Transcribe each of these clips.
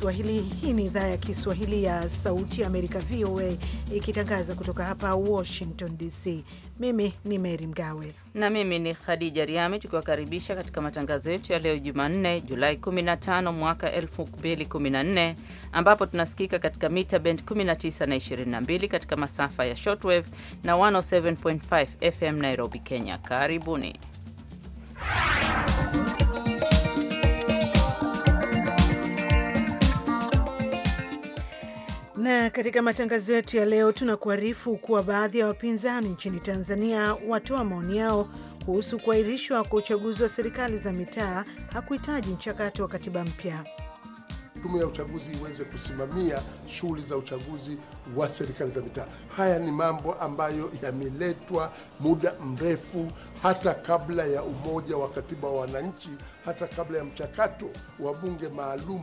Kiswahili. Hii ni idhaa ya Kiswahili ya Sauti ya Amerika, VOA, ikitangaza kutoka hapa Washington DC. Mimi ni Mary Mgawe na mimi ni Khadija Riami, tukiwakaribisha katika matangazo yetu ya leo Jumanne, Julai 15 mwaka 2014, ambapo tunasikika katika mita bend 19 na 22 katika masafa ya shortwave na 107.5 FM Nairobi, Kenya. Karibuni Na katika matangazo yetu ya leo tunakuarifu kuwa baadhi ya wapinzani nchini Tanzania watoa maoni yao kuhusu kuahirishwa kwa uchaguzi wa serikali za mitaa hakuhitaji mchakato wa katiba mpya. Tume ya uchaguzi iweze kusimamia shughuli za uchaguzi wa serikali za mitaa. Haya ni mambo ambayo yameletwa muda mrefu, hata kabla ya umoja wa katiba wa wananchi, hata kabla ya mchakato wa bunge maalum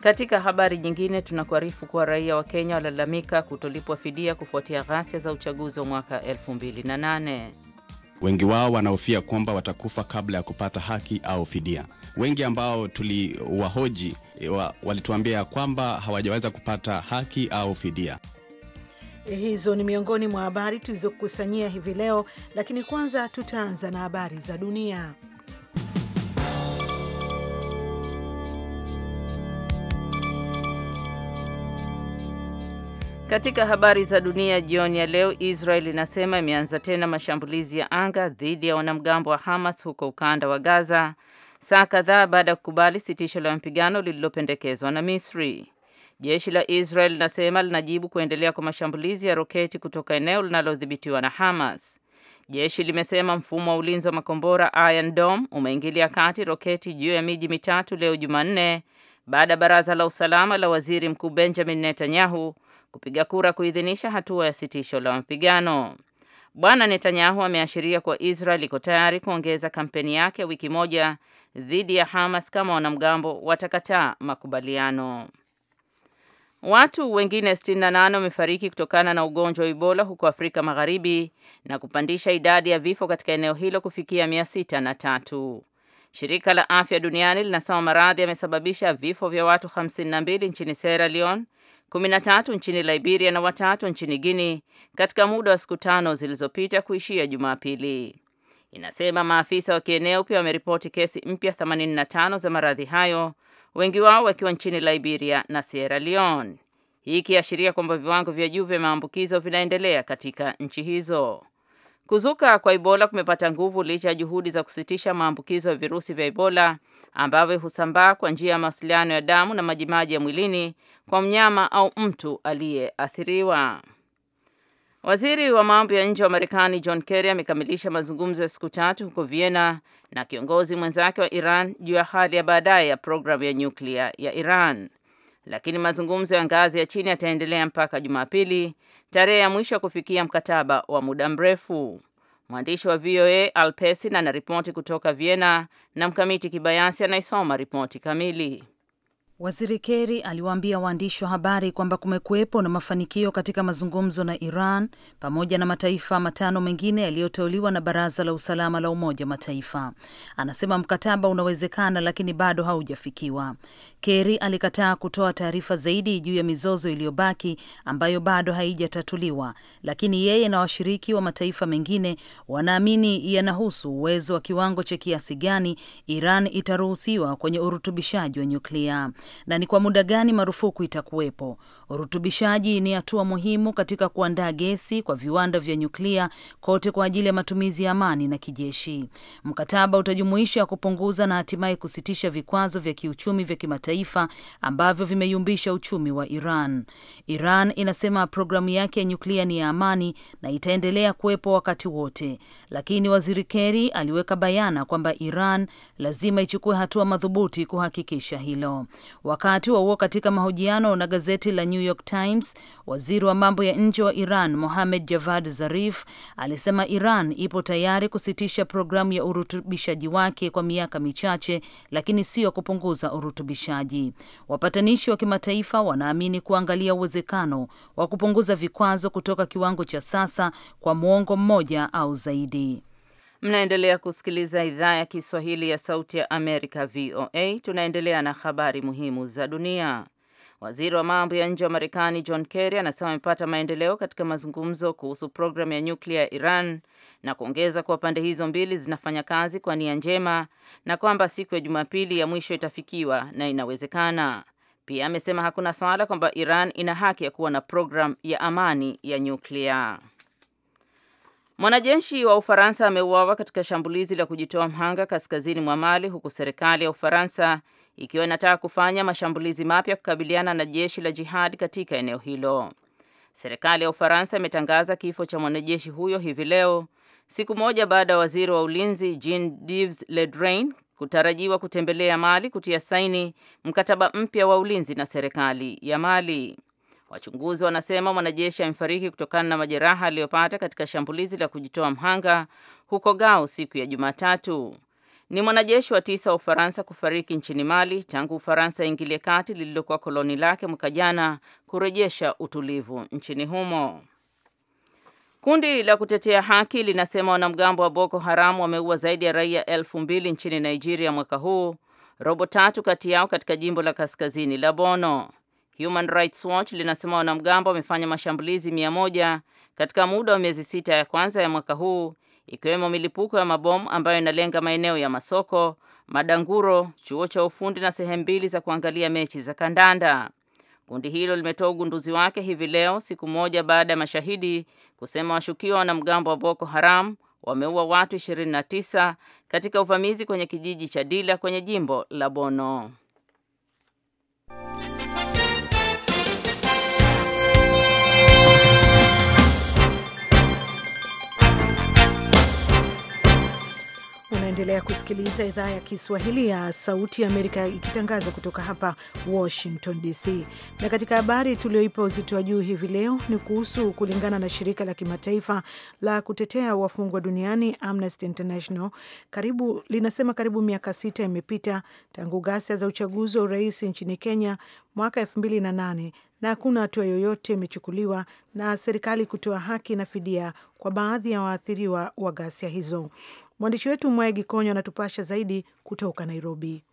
katika habari nyingine, tunakuarifu kuwa raia wa Kenya walalamika kutolipwa fidia kufuatia ghasia za uchaguzi wa mwaka 2008. Wengi wao wanahofia kwamba watakufa kabla ya kupata haki au fidia. Wengi ambao tuliwahoji e, walituambia ya kwamba hawajaweza kupata haki au fidia. Hizo ni miongoni mwa habari tulizokusanyia hivi leo, lakini kwanza tutaanza na habari za dunia. Katika habari za dunia jioni ya leo, Israel inasema imeanza tena mashambulizi ya anga dhidi ya wanamgambo wa Hamas huko ukanda wa Gaza, saa kadhaa baada ya kukubali sitisho la mapigano lililopendekezwa na Misri. Jeshi la Israel linasema linajibu kuendelea kwa mashambulizi ya roketi kutoka eneo linalodhibitiwa na Hamas. Jeshi limesema mfumo wa ulinzi wa makombora Iron Dome umeingilia kati roketi juu ya miji mitatu leo Jumanne, baada ya baraza la usalama la waziri mkuu Benjamin Netanyahu kupiga kura kuidhinisha hatua ya sitisho la mapigano. Bwana Netanyahu ameashiria kuwa Israel iko tayari kuongeza kampeni yake wiki moja dhidi ya Hamas kama wanamgambo watakataa makubaliano. Watu wengine 68 wamefariki kutokana na ugonjwa wa Ebola huko Afrika Magharibi na kupandisha idadi ya vifo katika eneo hilo kufikia mia sita na tatu. Shirika la Afya Duniani linasema maradhi yamesababisha vifo vya watu 52 nchini Sierra Leone, 13 nchini Liberia na watatu nchini Guinea katika muda wa siku tano zilizopita kuishia Jumapili. Inasema maafisa wa kieneo pia wameripoti kesi mpya 85 za maradhi hayo, wengi wao wakiwa nchini Liberia na Sierra Leone. Hii ikiashiria kwamba viwango vya juu vya maambukizo vinaendelea katika nchi hizo. Kuzuka kwa Ebola kumepata nguvu licha ya juhudi za kusitisha maambukizo ya virusi vya Ebola ambavyo husambaa kwa njia ya mawasiliano ya damu na majimaji ya mwilini kwa mnyama au mtu aliyeathiriwa. Waziri wa mambo ya nje wa Marekani John Kerry amekamilisha mazungumzo ya siku tatu huko Vienna na kiongozi mwenzake wa Iran juu ya hali ya baadaye ya programu ya nyuklia ya Iran lakini mazungumzo ya ngazi ya chini yataendelea mpaka Jumapili, tarehe ya mwisho ya kufikia mkataba wa muda mrefu. Mwandishi wa VOA Alpesin anaripoti kutoka Vienna na Mkamiti Kibayasi anaisoma ripoti kamili. Waziri Kerry aliwaambia waandishi wa habari kwamba kumekuwepo na mafanikio katika mazungumzo na Iran pamoja na mataifa matano mengine yaliyoteuliwa na Baraza la Usalama la Umoja wa Mataifa. Anasema mkataba unawezekana, lakini bado haujafikiwa. Kerry alikataa kutoa taarifa zaidi juu ya mizozo iliyobaki ambayo bado haijatatuliwa, lakini yeye na washiriki wa mataifa mengine wanaamini yanahusu uwezo wa kiwango cha kiasi gani Iran itaruhusiwa kwenye urutubishaji wa nyuklia na ni kwa muda gani marufuku itakuwepo. Urutubishaji ni hatua muhimu katika kuandaa gesi kwa viwanda vya nyuklia kote kwa ajili ya matumizi ya amani na kijeshi. Mkataba utajumuisha kupunguza na hatimaye kusitisha vikwazo vya kiuchumi vya kimataifa ambavyo vimeyumbisha uchumi wa Iran. Iran inasema programu yake ya nyuklia ni ya amani na itaendelea kuwepo wakati wote, lakini waziri Kerry aliweka bayana kwamba Iran lazima ichukue hatua madhubuti kuhakikisha hilo. Wakati wa huo, katika mahojiano na gazeti la New New York Times, waziri wa mambo ya nje wa Iran Mohamed Javad Zarif alisema Iran ipo tayari kusitisha programu ya urutubishaji wake kwa miaka michache, lakini sio kupunguza urutubishaji. Wapatanishi wa kimataifa wanaamini kuangalia uwezekano wa kupunguza vikwazo kutoka kiwango cha sasa kwa mwongo mmoja au zaidi. Mnaendelea kusikiliza idhaa ya Kiswahili ya Sauti ya Amerika, VOA. Tunaendelea na habari muhimu za dunia. Waziri wa mambo ya nje wa Marekani John Kerry anasema amepata maendeleo katika mazungumzo kuhusu programu ya nyuklia ya Iran na kuongeza kuwa pande hizo mbili zinafanya kazi kwa nia njema na kwamba siku ya Jumapili ya mwisho itafikiwa na inawezekana. Pia amesema hakuna swala kwamba Iran ina haki ya kuwa na programu ya amani ya nyuklia. Mwanajeshi wa Ufaransa ameuawa katika shambulizi la kujitoa mhanga kaskazini mwa Mali huku serikali ya Ufaransa ikiwa inataka kufanya mashambulizi mapya kukabiliana na jeshi la jihad katika eneo hilo. Serikali ya Ufaransa imetangaza kifo cha mwanajeshi huyo hivi leo, siku moja baada ya waziri wa ulinzi Jean-Yves Le Drian kutarajiwa kutembelea Mali kutia saini mkataba mpya wa ulinzi na serikali ya Mali. Wachunguzi wanasema mwanajeshi amefariki kutokana na majeraha aliyopata katika shambulizi la kujitoa mhanga huko Gao siku ya Jumatatu. Ni mwanajeshi wa tisa wa Ufaransa kufariki nchini Mali tangu Ufaransa ingilie kati lililokuwa koloni lake mwaka jana kurejesha utulivu nchini humo. Kundi la kutetea haki linasema wanamgambo wa Boko Haram wameua zaidi ya raia elfu mbili nchini Nigeria mwaka huu, robo tatu kati yao katika jimbo la kaskazini la Bono. Human Rights Watch linasema wanamgambo wamefanya mashambulizi mia moja katika muda wa miezi sita ya kwanza ya mwaka huu ikiwemo milipuko ya mabomu ambayo inalenga maeneo ya masoko, madanguro, chuo cha ufundi na sehemu mbili za kuangalia mechi za kandanda. Kundi hilo limetoa ugunduzi wake hivi leo, siku moja baada ya mashahidi kusema washukiwa wanamgambo wa Boko Haram wameua watu 29 katika uvamizi kwenye kijiji cha Dila kwenye jimbo la Bono. Unaendelea kusikiliza idhaa ya Kiswahili ya Sauti ya Amerika ikitangaza kutoka hapa Washington DC. Na katika habari tulioipa uzito wa juu hivi leo ni kuhusu, kulingana na shirika la kimataifa la kutetea wafungwa duniani Amnesty International, karibu linasema karibu miaka sita imepita tangu ghasia za uchaguzi wa urais nchini Kenya mwaka 2008 na hakuna hatua yoyote imechukuliwa na serikali kutoa haki na fidia kwa baadhi ya waathiriwa wa ghasia hizo. Mwandishi wetu Mwae Gikonyo anatupasha zaidi kutoka Nairobi.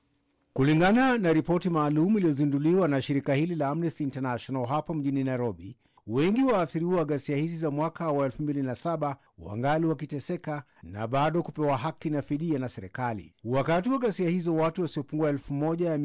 Kulingana na ripoti maalum iliyozinduliwa na shirika hili la Amnesty International hapo mjini Nairobi, wengi waathiriwa wa ghasia hizi za mwaka wa 2007 wangali wakiteseka na bado kupewa haki na fidia na serikali. Wakati wa ghasia hizo watu wasiopungua elfu ya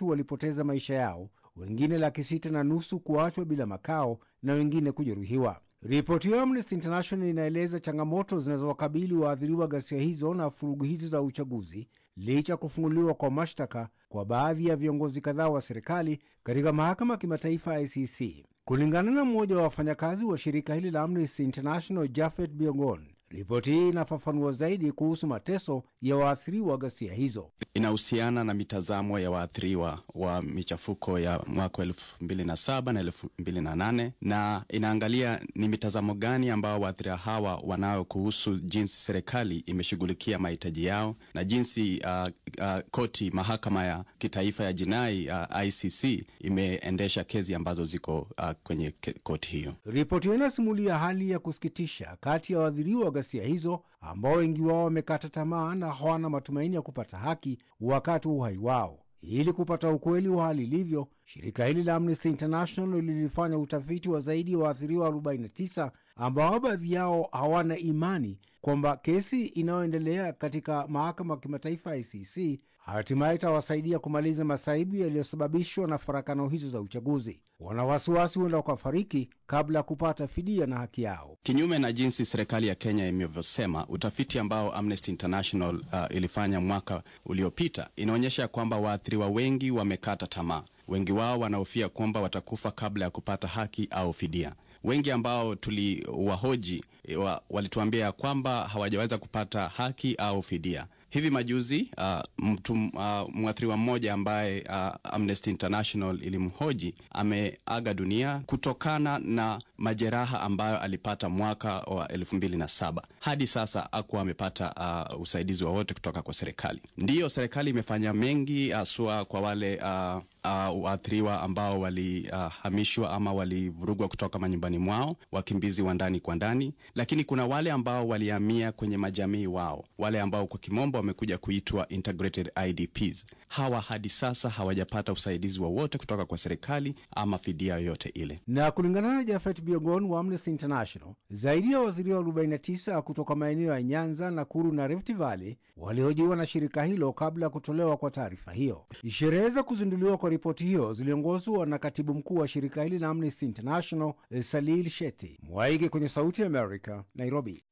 walipoteza maisha yao, wengine laki sita na nusu kuachwa bila makao na wengine kujeruhiwa. Ripoti ya Amnesty International inaeleza changamoto zinazowakabili waathiriwa ghasia hizo na furugu hizo za uchaguzi, licha ya kufunguliwa kwa mashtaka kwa baadhi ya viongozi kadhaa wa serikali katika mahakama ya kimataifa ICC. Kulingana na mmoja wa wafanyakazi wa shirika hili la Amnesty International, Jafet Biongon, Ripoti hii inafafanua zaidi kuhusu mateso ya waathiriwa wa ghasia hizo. Inahusiana na mitazamo ya waathiriwa wa michafuko ya mwaka mbili na 2008 na inaangalia ni mitazamo gani ambao waathiriwa hawa wanayo kuhusu jinsi serikali imeshughulikia mahitaji yao na jinsi uh, uh, koti mahakama ya kitaifa ya jinai uh, ICC imeendesha kesi ambazo ziko uh, kwenye koti hiyo. Ripoti hiyo inasimulia hali ya kusikitisha kati ya waathiriwa ghasia hizo, ambao wengi wao wamekata tamaa na hawana matumaini ya kupata haki wakati wa uhai wao. Ili kupata ukweli wa hali ilivyo, shirika hili la Amnesty International lilifanya utafiti wa zaidi ya waathiriwa 49 ambao baadhi yao hawana imani kwamba kesi inayoendelea katika mahakama ya kimataifa ICC hatimaye itawasaidia kumaliza masaibu yaliyosababishwa na farakano hizo za uchaguzi. Wana wasiwasi huenda wakafariki kabla ya kupata fidia na haki yao. Kinyume na jinsi serikali ya Kenya imevyosema, utafiti ambao Amnesty International uh, ilifanya mwaka uliopita inaonyesha kwamba waathiriwa wengi wamekata tamaa. Wengi wao wanahofia kwamba watakufa kabla ya kupata haki au fidia. Wengi ambao tuliwahoji eh, walituambia ya kwamba hawajaweza kupata haki au fidia. Hivi majuzi uh, mtu uh, mwathiriwa mmoja ambaye uh, Amnesty International ilimhoji ameaga dunia kutokana na majeraha ambayo alipata mwaka wa elfu mbili na saba. Hadi sasa hakuwa amepata uh, usaidizi wowote kutoka kwa serikali. Ndiyo serikali imefanya mengi haswa kwa wale uh, Uh, waathiriwa ambao walihamishwa uh, ama walivurugwa kutoka manyumbani mwao, wakimbizi wa ndani kwa ndani, lakini kuna wale ambao walihamia kwenye majamii wao, wale ambao kwa kimombo wamekuja kuitwa integrated IDPs. Hawa hadi sasa hawajapata usaidizi wowote kutoka kwa serikali ama fidia yoyote ile. Na kulingana na Jafet Biogon wa Amnesty International, zaidi ya waathiriwa 49 kutoka maeneo ya Nyanza, Nakuru na Rift Valley walihojiwa na shirika hilo kabla ya kutolewa kwa taarifa hiyo. Sherehe za kuzinduliwa kwa kwa ripoti hiyo ziliongozwa na katibu mkuu wa shirika hili la Amnesty International Salil sheti Mwaige kwenye Sauti ya Amerika, Nairobi.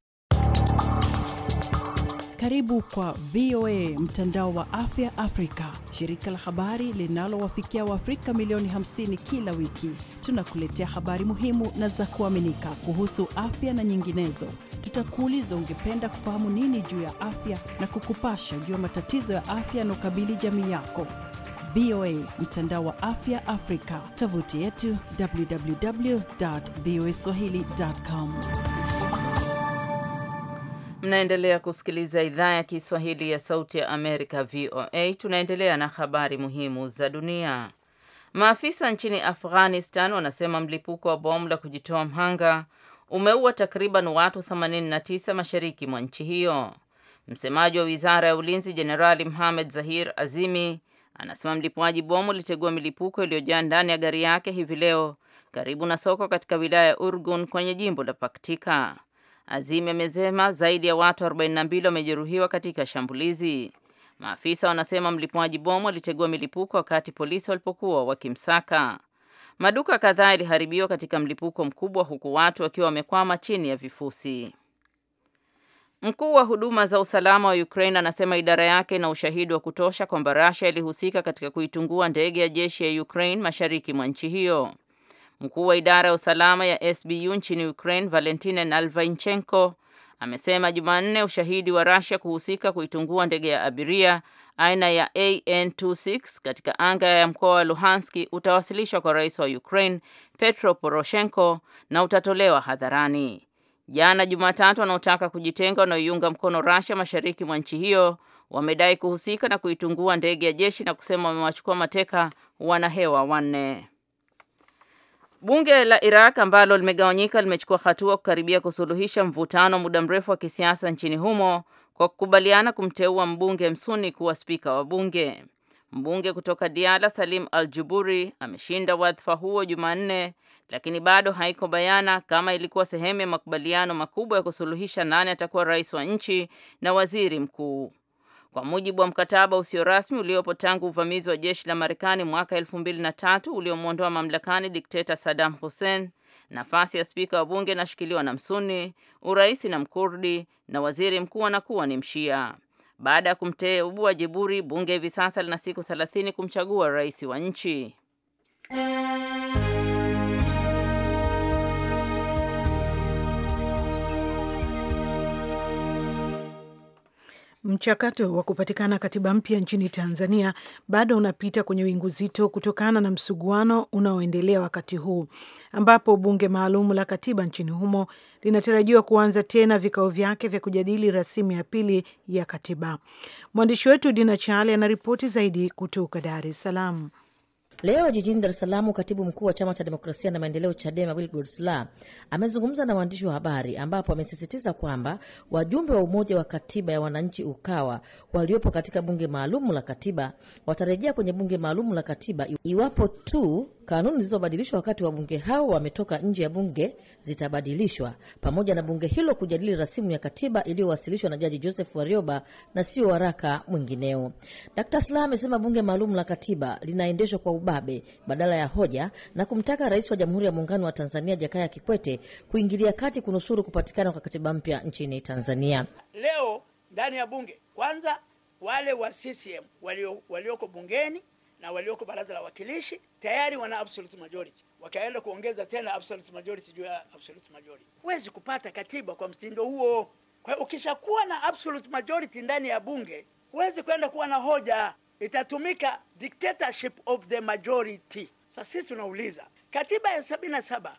Karibu kwa VOA mtandao wa afya Afrika, shirika la habari linalowafikia Waafrika milioni 50 kila wiki. Tunakuletea habari muhimu na za kuaminika kuhusu afya na nyinginezo. Tutakuuliza ungependa kufahamu nini juu ya afya na kukupasha juu ya matatizo ya afya yanayokabili jamii yako. VOA, mtandao wa afya Afrika, tovuti yetu www.voaswahili.com. Mnaendelea kusikiliza idhaa ya Kiswahili ya Sauti ya Amerika, VOA. Tunaendelea na habari muhimu za dunia. Maafisa nchini Afghanistan wanasema mlipuko wa bomu la kujitoa mhanga umeua takriban watu 89 mashariki mwa nchi hiyo. Msemaji wa wizara ya ulinzi Jenerali Mohamed Zahir Azimi Anasema mlipuaji bomu alitegua milipuko iliyojaa ndani ya gari yake hivi leo karibu na soko katika wilaya ya Urgun kwenye jimbo la Paktika. Azimi amesema zaidi ya watu 42 wamejeruhiwa katika shambulizi. Maafisa wanasema mlipuaji bomu alitegua milipuko wakati polisi walipokuwa wakimsaka. Maduka kadhaa yaliharibiwa katika mlipuko mkubwa, huku watu wakiwa wamekwama chini ya vifusi. Mkuu wa huduma za usalama wa Ukraine anasema idara yake ina ushahidi wa kutosha kwamba Russia ilihusika katika kuitungua ndege ya jeshi ya Ukraine mashariki mwa nchi hiyo. Mkuu wa idara ya usalama ya SBU nchini Ukraine, Valentina nalvainchenko amesema Jumanne ushahidi wa Russia kuhusika kuitungua ndege ya abiria aina ya AN26 katika anga ya mkoa wa Luhanski utawasilishwa kwa rais wa Ukraine Petro Poroshenko na utatolewa hadharani. Jana Jumatatu, wanaotaka kujitenga wanaoiunga mkono Russia mashariki mwa nchi hiyo wamedai kuhusika na kuitungua ndege ya jeshi na kusema wamewachukua mateka wanahewa wanne. Bunge la Iraq ambalo limegawanyika limechukua hatua kukaribia kusuluhisha mvutano muda mrefu wa kisiasa nchini humo kwa kukubaliana kumteua mbunge msuni kuwa spika wa bunge. Mbunge kutoka Diala Salim Al-Juburi ameshinda wadhifa huo Jumanne, lakini bado haiko bayana kama ilikuwa sehemu ya makubaliano makubwa ya kusuluhisha nani atakuwa rais wa nchi na waziri mkuu. Kwa mujibu wa mkataba usio rasmi uliopo tangu uvamizi wa jeshi la Marekani mwaka tatu uliomwondoa mamlakani dikteta Saddam Hussein, nafasi ya spika wa bunge inashikiliwa na Msuni, urais na Mkurdi na waziri mkuu anakuwa ni Mshia. Baada ya kumteua Jiburi, bunge hivi sasa lina siku 30 kumchagua rais wa nchi. Mchakato wa kupatikana katiba mpya nchini Tanzania bado unapita kwenye wingu zito kutokana na msuguano unaoendelea wakati huu ambapo bunge maalum la katiba nchini humo linatarajiwa kuanza tena vikao vyake vya kujadili rasimu ya pili ya katiba. Mwandishi wetu Dina Chale ana ripoti zaidi kutoka Dar es Salaam. Leo jijini Dar es Salaam, katibu mkuu wa chama cha demokrasia na maendeleo CHADEMA Wilbrod Slaa amezungumza na waandishi wa habari, ambapo amesisitiza kwamba wajumbe wa Umoja wa Katiba ya Wananchi UKAWA waliopo katika bunge maalum la katiba watarejea kwenye bunge maalum la katiba iwapo tu Kanuni zilizobadilishwa wakati wa bunge hao wametoka nje ya bunge zitabadilishwa pamoja na bunge hilo kujadili rasimu ya katiba iliyowasilishwa na Jaji Joseph Warioba na sio waraka mwingineo. Dkt sla amesema bunge maalum la katiba linaendeshwa kwa ubabe badala ya hoja na kumtaka Rais wa Jamhuri ya Muungano wa Tanzania Jakaya Kikwete kuingilia kati kunusuru kupatikana kwa katiba mpya nchini Tanzania. Leo ndani ya bunge kwanza, wale wa CCM walioko walio bungeni na walioko baraza la wakilishi tayari wana absolute majority, wakaenda kuongeza tena absolute majority juu ya absolute majority. Huwezi kupata katiba kwa mtindo huo. Kwa hiyo ukishakuwa na absolute majority ndani ya bunge, huwezi kwenda kuwa na hoja, itatumika dictatorship of the majority. Sasa sisi tunauliza katiba ya sabini na saba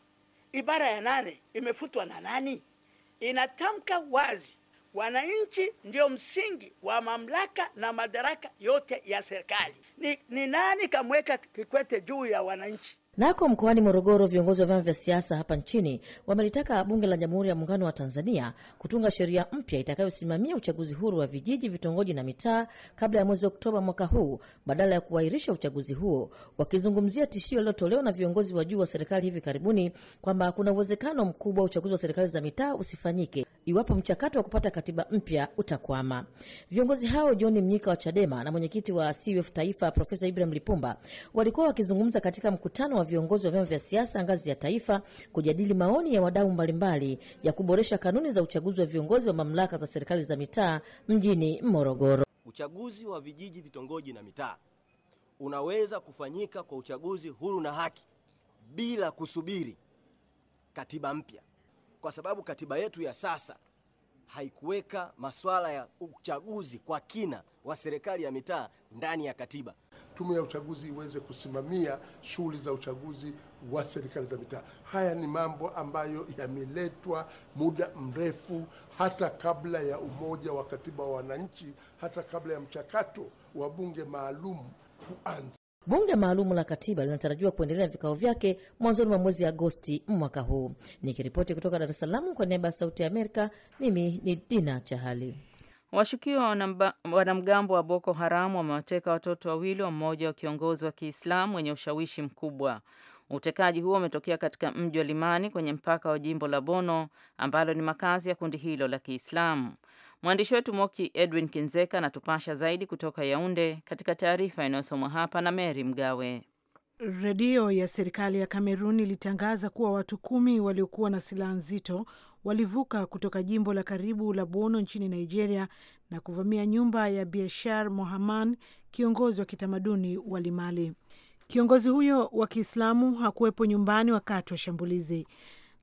ibara ya nane imefutwa na nani? Inatamka wazi Wananchi ndio msingi wa mamlaka na madaraka yote ya serikali. Ni, ni nani kamweka Kikwete juu ya wananchi? Nako mkoani Morogoro, viongozi wa vyama vya siasa hapa nchini wamelitaka Bunge la Jamhuri ya Muungano wa Tanzania kutunga sheria mpya itakayosimamia uchaguzi huru wa vijiji, vitongoji na mitaa kabla ya mwezi Oktoba mwaka huu badala ya kuahirisha uchaguzi huo, wakizungumzia tishio lililotolewa na viongozi wa juu wa serikali hivi karibuni kwamba kuna uwezekano mkubwa uchaguzi wa serikali za mitaa usifanyike iwapo mchakato wa kupata katiba mpya utakwama. Viongozi hao John Mnyika wa Chadema na mwenyekiti wa CUF Taifa Profesa Ibrahim Lipumba walikuwa wakizungumza katika mkutano wa viongozi wa vyama vya siasa ngazi ya taifa kujadili maoni ya wadau mbalimbali ya kuboresha kanuni za uchaguzi wa viongozi wa mamlaka za serikali za mitaa mjini Morogoro. Uchaguzi wa vijiji, vitongoji na mitaa unaweza kufanyika kwa uchaguzi huru na haki bila kusubiri katiba mpya kwa sababu katiba yetu ya sasa haikuweka masuala ya uchaguzi kwa kina wa serikali ya mitaa ndani ya katiba. Tume ya uchaguzi iweze kusimamia shughuli za uchaguzi wa serikali za mitaa. Haya ni mambo ambayo yameletwa muda mrefu, hata kabla ya umoja wa katiba wa wananchi, hata kabla ya mchakato wa bunge maalum kuanza. Bunge maalum la katiba linatarajiwa kuendelea na vikao vyake mwanzoni mwa mwezi Agosti mwaka huu. Nikiripoti kutoka Dar es Salaam kwa niaba ya Sauti ya Amerika, mimi ni Dina Chahali. Washukiwa wanamgambo wa Boko Haram wamewateka watoto wawili wa mmoja wa kiongozi wa Kiislamu wenye ushawishi mkubwa. Utekaji huo umetokea katika mji wa Limani kwenye mpaka wa jimbo la Bono ambalo ni makazi ya kundi hilo la Kiislamu. Mwandishi wetu Moki Edwin Kinzeka anatupasha zaidi kutoka Yaunde katika taarifa inayosomwa hapa na Mary Mgawe. Redio ya serikali ya Kamerun ilitangaza kuwa watu kumi waliokuwa na silaha nzito walivuka kutoka jimbo la karibu la Bono nchini Nigeria na kuvamia nyumba ya Biashar Mohaman, kiongozi wa kitamaduni wa Limali. Kiongozi huyo wa Kiislamu hakuwepo nyumbani wakati wa shambulizi,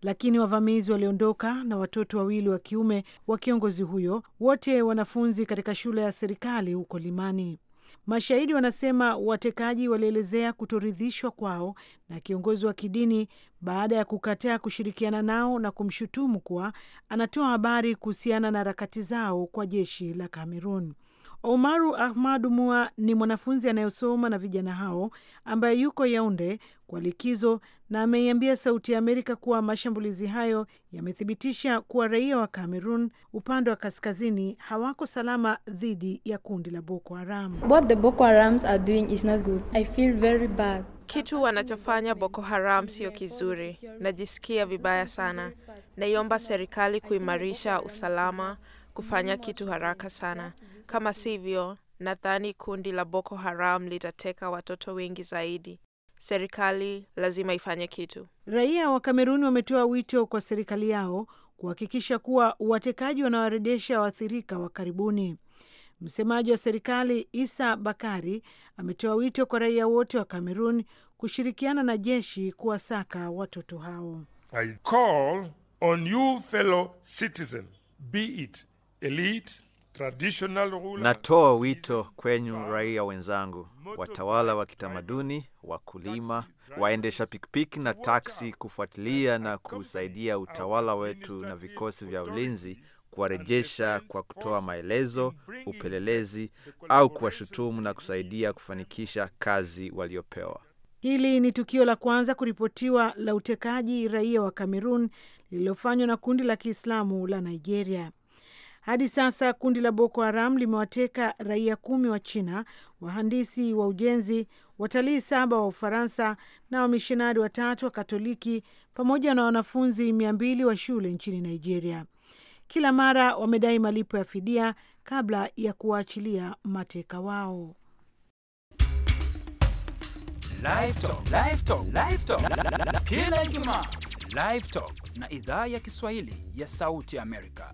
lakini wavamizi waliondoka na watoto wawili wa kiume wa kiongozi huyo, wote wanafunzi katika shule ya serikali huko Limani. Mashahidi wanasema watekaji walielezea kutoridhishwa kwao na kiongozi wa kidini baada ya kukataa kushirikiana nao na kumshutumu kuwa anatoa habari kuhusiana na harakati zao kwa jeshi la Kamerun. Omaru Ahmad Mua ni mwanafunzi anayesoma na vijana hao ambaye yuko Yaunde kwa likizo na ameiambia Sauti ya Amerika kuwa mashambulizi hayo yamethibitisha kuwa raia wa Cameroon upande wa kaskazini hawako salama dhidi ya kundi la Boko Haram. What the Boko are doing is not good. I feel very bad. Kitu wanachofanya Boko Haram sio kizuri. Najisikia vibaya sana. Naiomba serikali kuimarisha usalama kufanya kitu haraka sana. Kama sivyo, nadhani kundi la Boko Haram litateka watoto wengi zaidi. Serikali lazima ifanye kitu. Raia wa Kameruni wametoa wito kwa serikali yao kuhakikisha kuwa watekaji wanawarejesha waathirika wa karibuni. Msemaji wa serikali Isa Bakari ametoa wito kwa raia wote wa Kamerun kushirikiana na jeshi kuwasaka watoto hao. I call on you fellow citizen, be it elite, traditional Natoa wito kwenyu raia wenzangu, watawala wa kitamaduni, wakulima, waendesha pikipiki na taksi, kufuatilia na kusaidia utawala wetu na vikosi vya ulinzi kuwarejesha kwa kutoa maelezo, upelelezi au kuwashutumu na kusaidia kufanikisha kazi waliopewa. Hili ni tukio la kwanza kuripotiwa la utekaji raia wa Kamerun lililofanywa na kundi la Kiislamu la Nigeria. Hadi sasa kundi la Boko Haram limewateka raia kumi wa China, wahandisi wa ujenzi, watalii saba wa Ufaransa na wamishonari watatu wa Katoliki pamoja na wanafunzi mia mbili wa shule nchini Nigeria. Kila mara wamedai malipo ya fidia kabla ya kuwaachilia mateka wao. Kila Ijumaa Live Talk na idhaa ya Kiswahili ya Sauti Amerika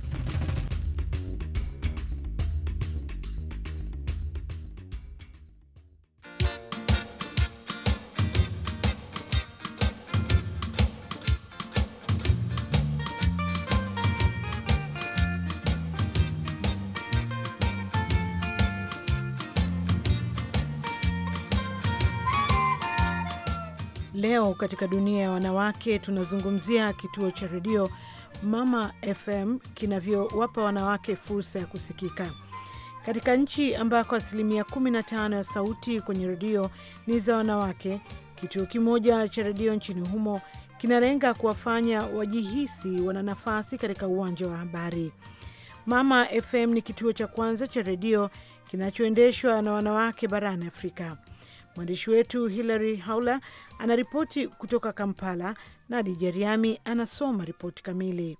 leo katika dunia ya wanawake tunazungumzia kituo cha redio Mama FM kinavyowapa wanawake fursa ya kusikika katika nchi ambako asilimia 15 ya sauti kwenye redio ni za wanawake. Kituo kimoja cha redio nchini humo kinalenga kuwafanya wajihisi wana nafasi katika uwanja wa habari. Mama FM ni kituo cha kwanza cha redio kinachoendeshwa na wanawake barani Afrika. Mwandishi wetu Hilary Haula anaripoti kutoka Kampala, Nadi Jeriami anasoma ripoti kamili.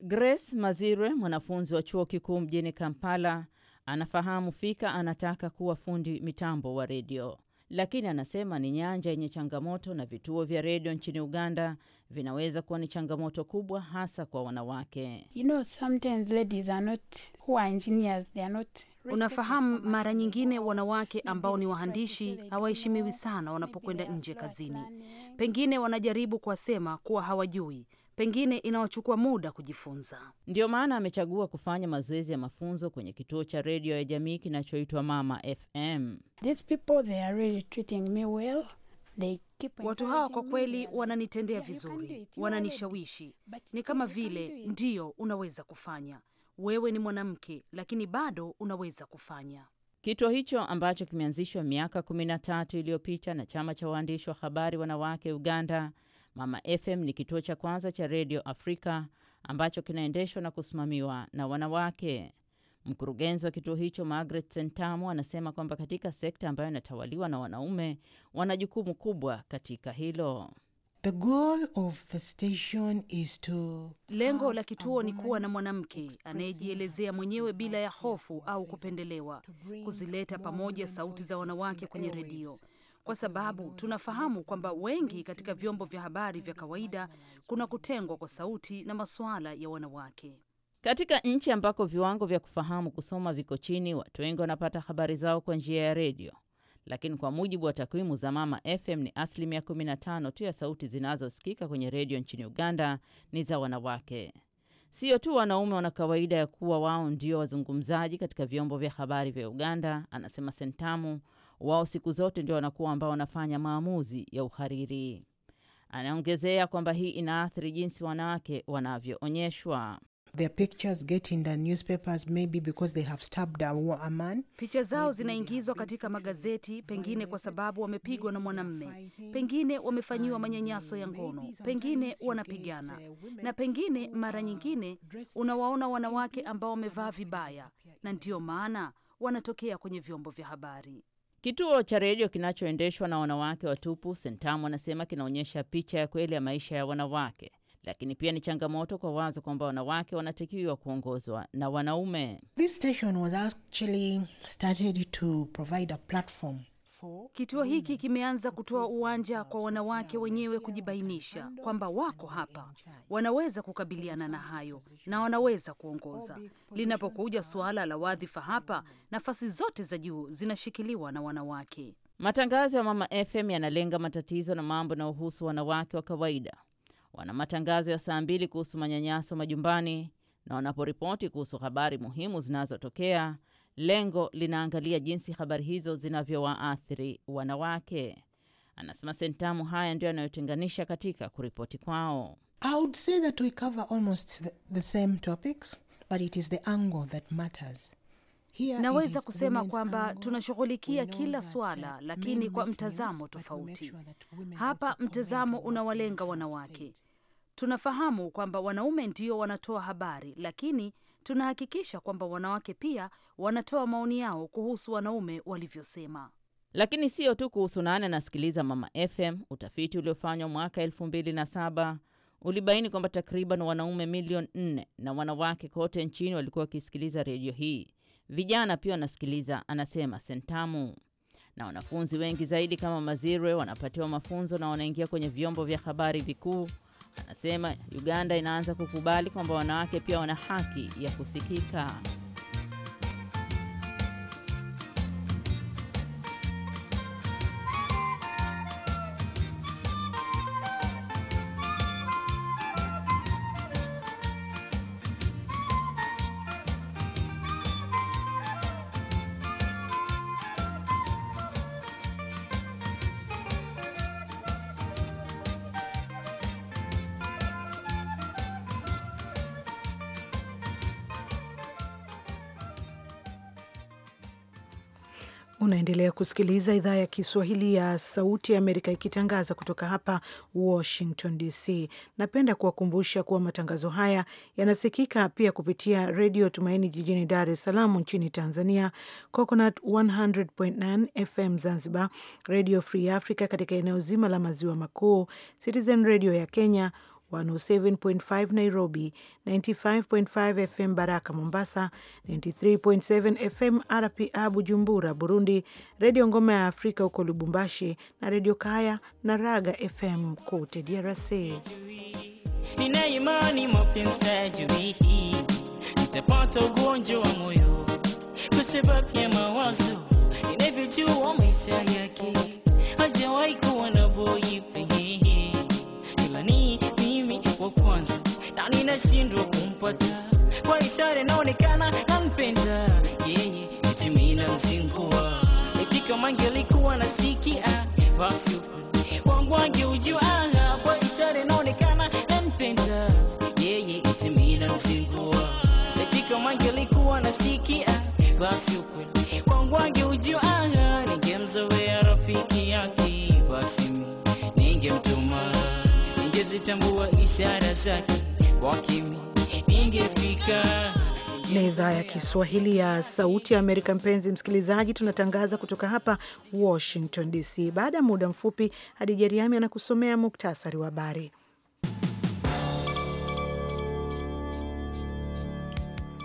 Grace Mazirwe, mwanafunzi wa chuo kikuu mjini Kampala, anafahamu fika anataka kuwa fundi mitambo wa redio, lakini anasema ni nyanja yenye changamoto na vituo vya redio nchini Uganda vinaweza kuwa ni changamoto kubwa, hasa kwa wanawake. you know, Unafahamu, mara nyingine wanawake ambao ni wahandishi hawaheshimiwi sana wanapokwenda nje kazini. Pengine wanajaribu kuwasema kuwa hawajui, pengine inawachukua muda kujifunza. ndio maana amechagua kufanya mazoezi ya mafunzo kwenye kituo cha redio ya jamii kinachoitwa Mama FM. These people, they are really treating me well. watu hawa kwa kweli wananitendea vizuri, wananishawishi, ni kama vile ndiyo unaweza kufanya wewe ni mwanamke, lakini bado unaweza kufanya. Kituo hicho ambacho kimeanzishwa miaka 13 iliyopita na chama cha waandishi wa habari wanawake Uganda, Mama FM, ni kituo cha kwanza cha redio Afrika ambacho kinaendeshwa na kusimamiwa na wanawake. Mkurugenzi wa kituo hicho Margaret Sentamu anasema kwamba katika sekta ambayo inatawaliwa na wanaume, wana jukumu kubwa katika hilo. The goal of the station is to... lengo la kituo ni kuwa na mwanamke anayejielezea mwenyewe bila ya hofu au kupendelewa, kuzileta pamoja sauti za wanawake kwenye redio, kwa sababu tunafahamu kwamba wengi katika vyombo vya habari vya kawaida kuna kutengwa kwa sauti na masuala ya wanawake. Katika nchi ambako viwango vya kufahamu kusoma viko chini, watu wengi wanapata habari zao kwa njia ya redio lakini kwa mujibu wa takwimu za Mama FM ni asilimia 15 tu ya sauti zinazosikika kwenye redio nchini Uganda ni za wanawake. Sio tu wanaume wana kawaida ya kuwa wao ndio wazungumzaji katika vyombo vya habari vya Uganda, anasema Sentamu. Wao siku zote ndio wanakuwa ambao wanafanya maamuzi ya uhariri. Anaongezea kwamba hii inaathiri jinsi wanawake wanavyoonyeshwa. Their pictures get in the newspapers maybe because they have stabbed a, a man. Picha zao zinaingizwa katika magazeti, pengine kwa sababu wamepigwa na mwanamme, pengine wamefanyiwa manyanyaso ya uh, ngono, pengine wanapigana, uh, na pengine mara nyingine unawaona wanawake ambao wamevaa vibaya, na ndiyo maana wanatokea kwenye vyombo vya habari. Kituo cha redio kinachoendeshwa na wanawake watupu Sentamu anasema kinaonyesha picha ya kweli ya maisha ya wanawake lakini pia ni changamoto kwa wazo kwamba wanawake wanatakiwa kuongozwa na wanaume. This station was actually started to provide a platform. Kituo hiki kimeanza kutoa uwanja kwa wanawake wenyewe kujibainisha kwamba wako hapa, wanaweza kukabiliana na hayo na wanaweza kuongoza. Linapokuja suala la wadhifa hapa, nafasi zote za juu zinashikiliwa na wanawake. Matangazo ya Mama FM yanalenga matatizo na mambo na uhusu wanawake wa kawaida Wana matangazo ya saa mbili kuhusu manyanyaso majumbani na wanaporipoti kuhusu habari muhimu zinazotokea, lengo linaangalia jinsi habari hizo zinavyowaathiri wanawake. Anasema sentamu haya ndio yanayotenganisha katika kuripoti kwao. naweza kusema kwamba tunashughulikia kila swala uh, lakini kwa mtazamo tofauti. Hapa mtazamo unawalenga wanawake Tunafahamu kwamba wanaume ndio wanatoa habari, lakini tunahakikisha kwamba wanawake pia wanatoa maoni yao kuhusu wanaume walivyosema. Lakini sio tu kuhusu Nane anasikiliza Mama FM. Utafiti uliofanywa mwaka elfu mbili na saba ulibaini kwamba takriban wanaume milioni nne na wanawake kote nchini walikuwa wakisikiliza redio hii. Vijana pia wanasikiliza, anasema Sentamu, na wanafunzi wengi zaidi kama Mazirwe wanapatiwa mafunzo na wanaingia kwenye vyombo vya habari vikuu Anasema Uganda inaanza kukubali kwamba wanawake pia wana haki ya kusikika. Unaendelea kusikiliza idhaa ya Kiswahili ya Sauti ya Amerika ikitangaza kutoka hapa Washington DC. Napenda kuwakumbusha kuwa matangazo haya yanasikika pia kupitia Redio Tumaini jijini Dar es Salaam nchini Tanzania, Coconut 100.9 FM Zanzibar, Redio Free Africa katika eneo zima la maziwa makuu, Citizen Redio ya Kenya, 107.5 Nairobi, 95.5 FM Baraka Mombasa, 93.7 FM RPA Bujumbura Burundi, Redio Ngoma ya Afrika huko Lubumbashi na Redio Kaya na Raga FM kote DRC. Nina imani mapenzi ya nitapata ugonjwa wa moyo kwa sababu ya mawazo inavyojua maisha yake hajawahi kuona nashindwa kumpata kwa ishara inaonekana nampenda yeye eti mina mzingua eti kama angelikuwa nasikia basi wangu angeujua kwa ishara inaonekana nampenda yeye eti mina mzingua eti kama angelikuwa nasikia basi ukweli kwangu angeujua ningemzoea rafiki yake basi ningemtuma ningezitambua ishara zake na idhaa ya Kiswahili ya Sauti ya Amerika. Mpenzi msikilizaji, tunatangaza kutoka hapa Washington DC. Baada ya muda mfupi, Hadija Riami anakusomea muktasari wa habari.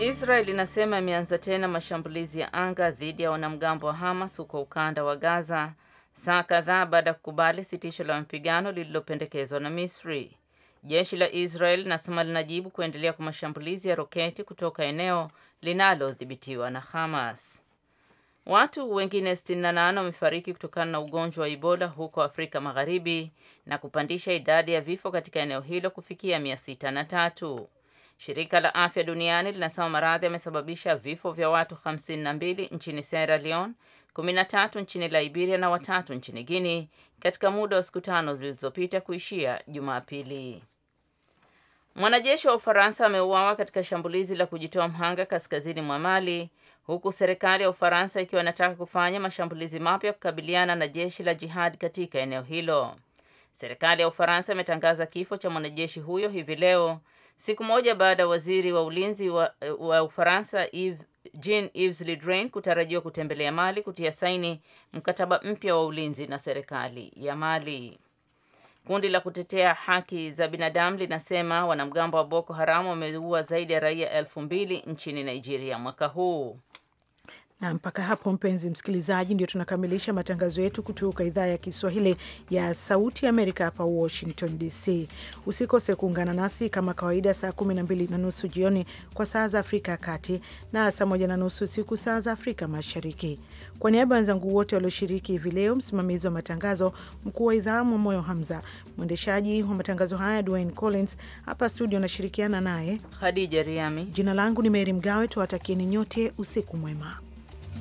Israel inasema imeanza tena mashambulizi ya anga dhidi ya wanamgambo wa Hamas huko ukanda wa Gaza, saa kadhaa baada ya kukubali sitisho la mapigano lililopendekezwa na Misri. Jeshi la Israel linasema linajibu kuendelea kwa mashambulizi ya roketi kutoka eneo linalodhibitiwa na Hamas. Watu wengine 68 wamefariki kutokana na ugonjwa wa Ebola huko Afrika Magharibi na kupandisha idadi ya vifo katika eneo hilo kufikia 603. Shirika la Afya Duniani linasema maradhi yamesababisha vifo vya watu 52 nchini Sierra Leone, 13 nchini Liberia na watatu nchini Guinea katika muda wa siku tano zilizopita kuishia Jumapili. Mwanajeshi wa Ufaransa ameuawa katika shambulizi la kujitoa mhanga kaskazini mwa Mali, huku serikali ya Ufaransa ikiwa inataka kufanya mashambulizi mapya kukabiliana na jeshi la jihad katika eneo hilo. Serikali ya Ufaransa imetangaza kifo cha mwanajeshi huyo hivi leo, siku moja baada ya waziri wa ulinzi wa, wa Ufaransa Jean-Yves Le Drian kutarajiwa kutembelea Mali kutia saini mkataba mpya wa ulinzi na serikali ya Mali. Kundi la kutetea haki za binadamu linasema wanamgambo wa Boko Haram wameua zaidi ya raia elfu mbili nchini Nigeria mwaka huu. Na mpaka hapo, mpenzi msikilizaji, ndio tunakamilisha matangazo yetu kutoka idhaa ya Kiswahili ya Sauti Amerika hapa Washington DC. Usikose kuungana nasi kama kawaida saa 12 na nusu jioni kwa saa za Afrika ya Kati na saa 1 na nusu usiku saa za Afrika Mashariki. Kwa niaba ya wenzangu wote walioshiriki hivi leo, msimamizi wa matangazo mkuu wa idhaa Mwamoyo Hamza, mwendeshaji wa matangazo haya Dwayne Collins, hapa studio nashirikiana naye Hadija Riami. Jina langu ni Meri Mgawe, tuwatakieni nyote usiku mwema.